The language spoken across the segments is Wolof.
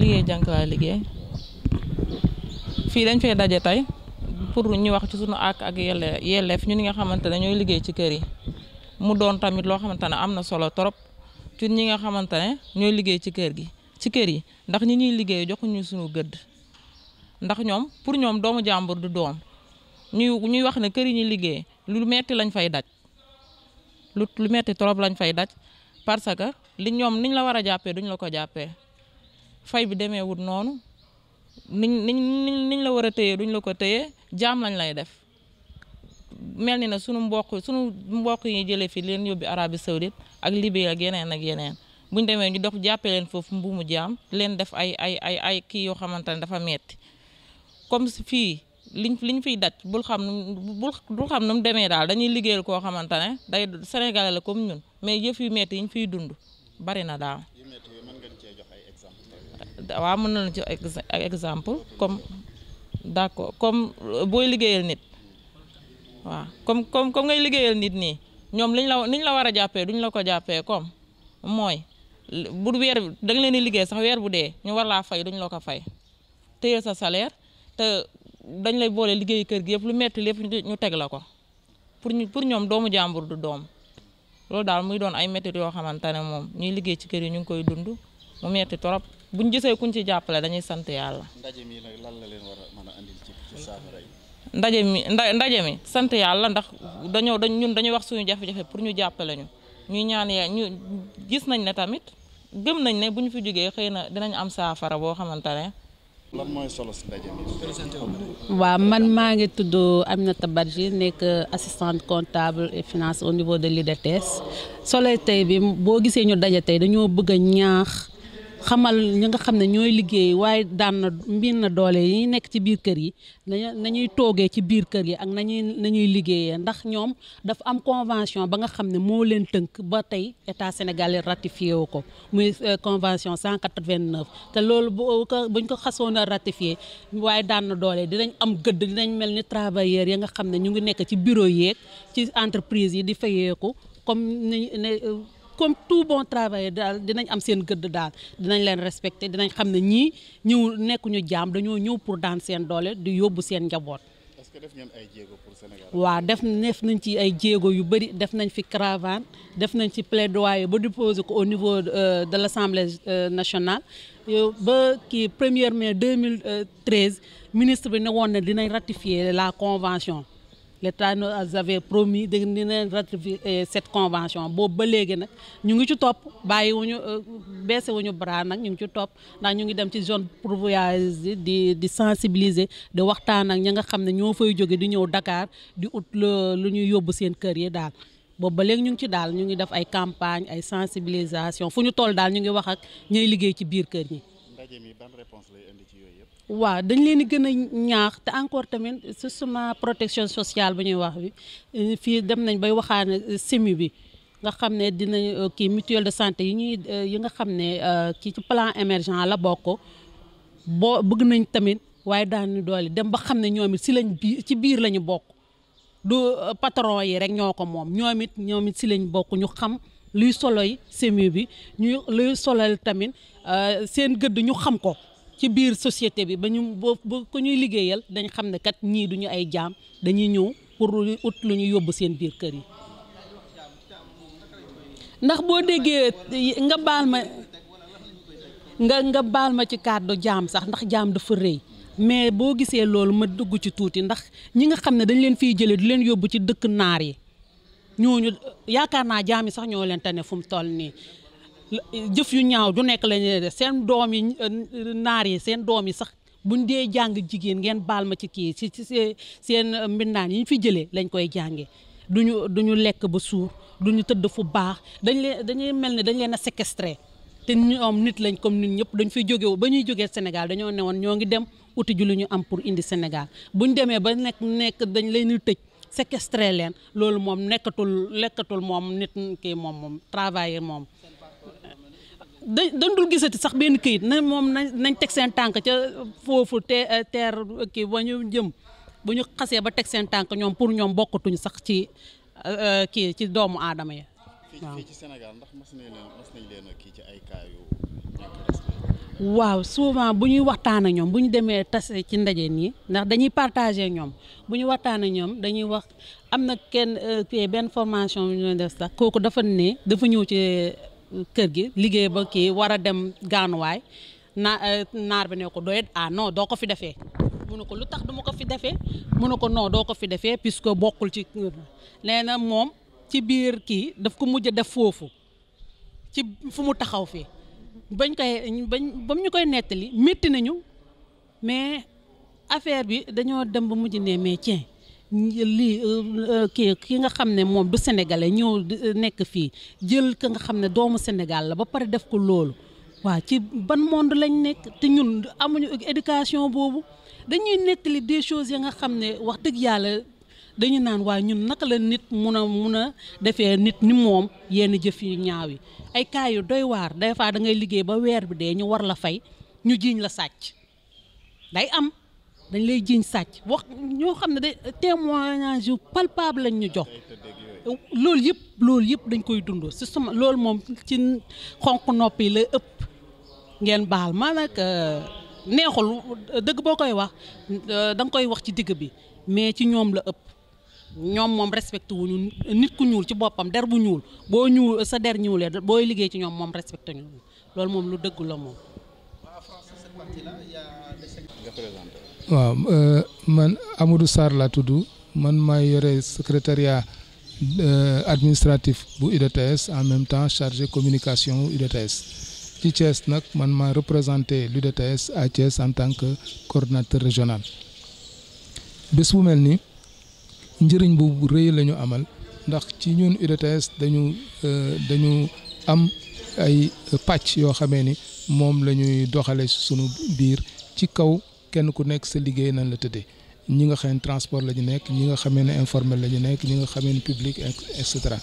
liggéey jànk laa liggéey fii dañ fee daje tey pour ñu wax ci sunu àq ak yelle ñu ñun nga xamante ne ñooy liggéey ci kër yi mu doon tamit loo xamante ne am na solo trop ci ñi nga xamante ne ñooy liggéey ci kër gi ci kër yi ndax ñi ñuy liggéey joxuñu suñu gëdd ndax ñoom pour ñoom doomu jàmbur du doom ñuy ñuy wax ne kër yi ñuy liggéey lu metti lañ fay daj lu lu metti trop lañ fay daj parce que li ñoom niñ la war a jàppee duñ la ko jàppee fay bi demee wut noonu niñ niñ niñ la war a tëyee duñ la ko tëyee jaam lañ lay def mel ni na sunu mbokk sunu mbokk yi jëlee fii leen yóbbi Arabie Saoudite ak Libye ak yeneen ak yeneen buñ demee ñu dox jàppe leen foofu mbuumu jaam leen def ay ay ay ay kii yoo xamante ne dafa metti comme si fii liñ liñ fiy daj bul xam bul bul xam nu demee daal dañuy liggéeyal koo xamante ne day Sénégalais la comme ñun mais yëf metti yi ñu fiy dund bari daal. waaw mën na la ci ay exemple comme d'accord comme euh, booy liggéeyal nit waaw comme comme comme ngay liggéeyal nit nii ñoom lañ la liñ la war a jàppee duñ la ko jàppee comme mooy bu weer bi dañ leen di liggéey sax weer bu dee ñu war laa fay duñ la ko fay téye sa salaire te dañ la boole liggéey kër gi yëpp lu metti lépp ñu teg la ko pour ñu pour ñoom doomu jàmbur du doom loolu daal muy doon ay métti yoo xamante ne moom ñuy liggéey ci kër yi ñu ngi koy dund mu metti trop. buñ gisee kuñ ci jàppale dañuy sant yàlla. ndaje mi nag lan leen war a mën ndaje mi ndaje mi sant ndax dañoo dañ ñun dañuy wax suñu jafe-jafe pour ñu jàppale ñu ñaan ya ñu gis nañ ne tamit gëm nañ ne bu ñu fi jógee xëy na dinañ am saafara boo xamante ne. lan mooy solo si man maa ngi tudd Aminata Badji nekk assistante comptable et finance au niveau de l'IDTS solo tey bi boo gisee ñu daje tey dañoo bëgg a ñaax. xamal ñi nga xam ne ñooy liggéey waaye daan na mbir na doole yi nekk ci biir kër yi nañuy toogee ci biir kër yi ak nañuy nañuy liggéeyee ndax ñoom dafa am convention ba nga xam ne moo leen tënk ba tey état sénégalais ratifié wu ko muy euh, convention 189 te loolu euh, ko buñ ko xasoon a ratifié waaye daan na doole dinañ am gëdd dinañ mel ni travailleurs ya nga xam ne ñu ngi nekk ci bureau yeeg ci entreprise yi di fayeeku comme ni euh, comme tout bon travail daal dinañ am seen gëdd daal dinañ leen respecté dinañ xam ne ñii ñëw nekkuñu jaam dañoo ñëw pour daan seen doole di yóbbu seen njaboot. est que def ngeen def def nañ ci ay jéego yu bëri def nañ fi caravane def nañ ci plaidoyer ba déposé ko au niveau euh, de l'Assemblée euh, nationale ba kii 1er mai 2013 euh, ministre bi ne woon na dinañ ratifier la convention. l'État nous avait promis de nous ratifier euh, cette convention boobu ba léegi nag ñu ngi ci topp bàyyiwuñu euh, baissé wuñu bras nag ñu ngi ci topp ndax ñu ngi dem ci zone pourvoyeuse yi di di sensibiliser di waxtaan ak ña nga xam ne ñoo fay jóge di ñëw dakaar di ut lu ñuy yóbbu seen kër yi daal boobu ba léegi ñu ngi ci daal ñu ngi def ay campagne ay sensibilisation fu ñu toll daal ñu ngi wax ak ñay liggéey ci biir kër yi ndaje mi ban réponse lay indi ci yooyu dañ leen di gën a ñaax te encore tamit justement protection sociale bu ñuy wax bi euh, fii dem nañ bay waxaane euh, semi bi nga xam ne dinañ euh, kii mutuel de santé yi ñuy yi nga xam ne kii ci plan émergent la bokk boo bëgg nañ tamit waaye daanu doole dem ba xam ne ñoom si lañ biir ci biir la ñu bokk du patron yi rek ñoo ko moom ñoom it si lañ bokk ñu xam. luy solo yi CMU bi ñu luy solal tamit euh, seen gëdd ñu xam ko ci biir société bi ba ñu ba ku ñuy liggéeyal dañ xam ne kat ñii duñu ay jaam dañuy ñëw pour ut lu ñu yóbbu seen biir kër yi ndax boo déggee nga baal ma nga nga baal ma ci kàddu jaam sax ndax jaam dafa rëy mais boo gisee loolu ma dugg ci tuuti ndax ñi nga xam ne dañ leen fiy jëlee du leen yóbbu ci dëkk naar yi ñooñu yaakaar naa jaam yi sax ñoo leen tane fu mu toll nii jëf yu ñaaw du nekk la seen doom yi naar yi seen doom yi sax buñ dee jàng jigéen ngeen baal ma ci kii ci seen mbindaan yi ñu fi jëlee lañ koy jàngee duñu duñu lekk ba suur duñu tëdd fu baax dañ leen dañuy mel ni dañ leen a séquestré te ñoom nit lañ comme nit ñëpp dañ fi jóge ba ñuy jógee Sénégal dañoo newoon ñoo ngi dem uti ju lu ñu am pour indi Sénégal ñu demee ba nekk nekk dañ leen tëj séquestré leen loolu moom nekkatul lekkatul moom nit kii moom moom travailler moom da dañ dul gisati sax benn këyit na moom nañ nañ teg seen tànk ca foofu te eh, teer kii ba ñu jëm bu ñu xasee ba teg seen tànk ñoom pour ñoom bokkatuñ sax ci eh, kii ci doomu aadama yi. waaw ci Sénégal ndax mas nañ leen mas nañ kii ci ay cas waaw souvent bu ñuy waxtaan ak ñoom bu ñu demee tase ci ndaje nii ndax dañuy partager ñoom bu ñu waxtaan ñoom dañuy wax am na kenn euh, benn formation bu ñu def sax kooku dafa ne dafa ñëw ci euh, kër gi liggéey ba kii war a dem gaanuwaay naa euh, naar bi ne ko doyet ah non doo ko fi defee munu ko lu tax du ko fi defee mu ne ko non doo ko fi defee puisque bokkul ci nee na moom ci biir kii daf ko mujj def foofu ci fu mu taxaw fii bañ koy bañ bam ñu koy nettali métti nañu mais affaire bi dañoo dem ba mujj nee mais tiens lii euh, euh, kii ki nga xam ne moom du sénégalais ñëw euh, nekk fii jël ka nga xam ne doomu Sénégal la ba pare def ko loolu waaw ci ban monde lañ nekk te ñun amuñu éducation boobu dañuy nettali de chose ya nga xam ne wax dëgg yàlla. dañu naan waaye ñun naka la nit mun a mun a defee nit ni moom yenn jëf yu ñaaw yi ay cas yu doy waar des fois da ngay liggéey ba weer bi dee ñu war la fay ñu jiiñ la sàcc day am dañ lay jiiñ sàcc wax ñoo xam ne de témoignage yu palpable lañ ñu jox loolu yëpp loolu yëpp dañ koy dund si suma loolu moom ci xonq nopp yi la ëpp ngeen baal ma nag euh, neexul dëgg boo koy wax euh, da nga koy wax ci digg bi mais ci ñoom la ëpp ñoom moom respecté wuñu nit ku ñuul ci boppam der bu ñuul boo ñuul sa der ñuulee booy liggéey ci ñoom moom respecté ñu loolu moom lu dëgg la moom. waaw euh, man Amadou Sarr laa tudd man maay yore secrétariat euh, administratif bu UDTS en même temps chargé communication bu UDTS. ci Thiès nag man maa représenté l'UDTS à Thiès en tant que coordinateur régional bés bu mel nii njëriñ bu rëy la ñu amal ndax ci ñun UDTS dañu euh, dañu am ay pàcc yoo xamee ni moom la ñuy doxale sunu biir ci kaw kenn ku nekk sa liggéey nan la tëddee ñi nga xam ne transport lañu nekk ñi nga xamee ne informel la ñu nekk ñi nga xamee ne public et cetera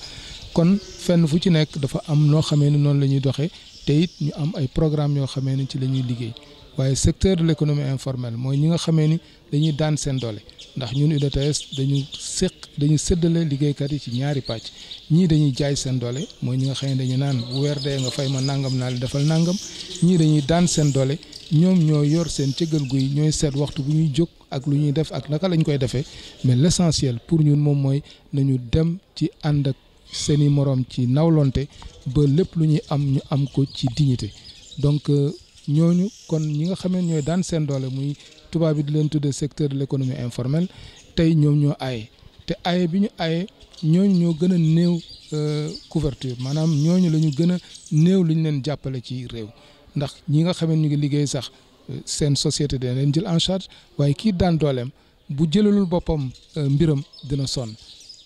kon fenn fu ci nekk dafa am noo xamee ni noonu la ñuy doxee te it ñu am ay programme yoo xamee ni ci la ñuy liggéey waaye secteur de l'économie informelle mooy ñi nga xamee ni dañuy daan seen doole ndax ñun UDTS dañu séq dañu séddale liggéeykat yi ci ñaari pàcc ñii dañuy jaay seen doole mooy ñi nga xamee ne dañu naan bu weer dee nga fay ma nangam naa li defal nangam ñii dañuy daan seen doole ñoom ñoo yor seen cëggal guy ñooy seet waxtu bu ñuy jóg ak lu ñuy def ak naka lañ koy defee mais l'essentiel pour ñun moom mooy nañu dem ci ànd ak seeni moroom ci nawlonte ba lépp lu ñuy am ñu am ko ci dignité euh, ñooñu kon ñi nga xam ñooy daan seen doole muy tubaab bi di leen tuddee secteur de l'économie informelle tey ñoom ñoo aaye te aaye bi ñu aaye ñooñu ñoo gën a néew euh, couverture maanaam ñooñu la ñu gën a néew lu ñu leen jàppale ci réew ndax ñi nga xam ñu ngi liggéey sax euh, seen société de leen jël en charge waaye kii daan dooleem bu jëlalul boppam euh, mbiram dina sonn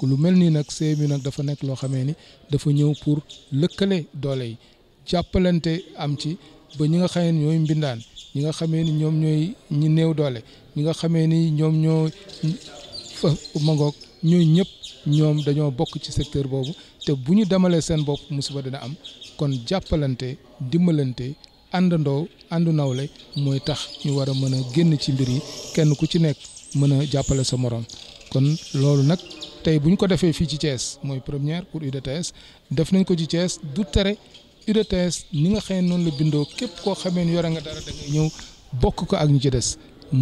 lu mel nii nag CMU nag dafa nekk loo xamee ni dafa ñëw pour lëkkale doole yi jàppalante am ci. ba ñi nga xamee ni ñooy mbindaan ñi nga xamee ni ñoom ñooy ñi néew doole ñi nga xamee ni ñoom ñoo fa ñoo ñooy ñëpp ñoom dañoo bokk ci secteur boobu te bu ñu demalee seen bopp musuba dina am kon jàppalante dimbalante àndandoo àndu nawle mooy tax ñu war a mën a génn ci mbir yi kenn ku ci nekk mën a jàppale sa morom kon loolu nag tey bu ñu ko defee fii ci Thiès mooy première pour UDTS def nañ ko ci Thiès du tere UDTS ñi nga xëy noonu la bindoo képp koo xamee ni yore nga dara da ngay ñëw bokk ko ak ñu ci des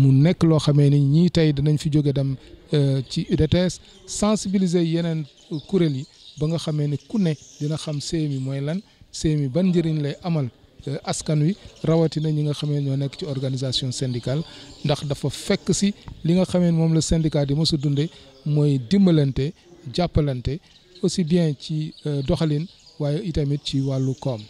mu nekk loo xamee ni ñi tey danañ fi jóge dem euh, ci UDTS sensibiliser yeneen kuréel yi ba nga xamee ni ku ne dina xam CMU mooy lan CMU ban njëriñ lay amal euh, askan wi rawatina ñi nga xamee ñoo nekk ci organisation syndicale ndax dafa fekk si li nga xamee moom la syndicat di mos a dundee mooy dimbalante jàppalante aussi bien ci euh, doxalin. waaye itamit ci wàllu koom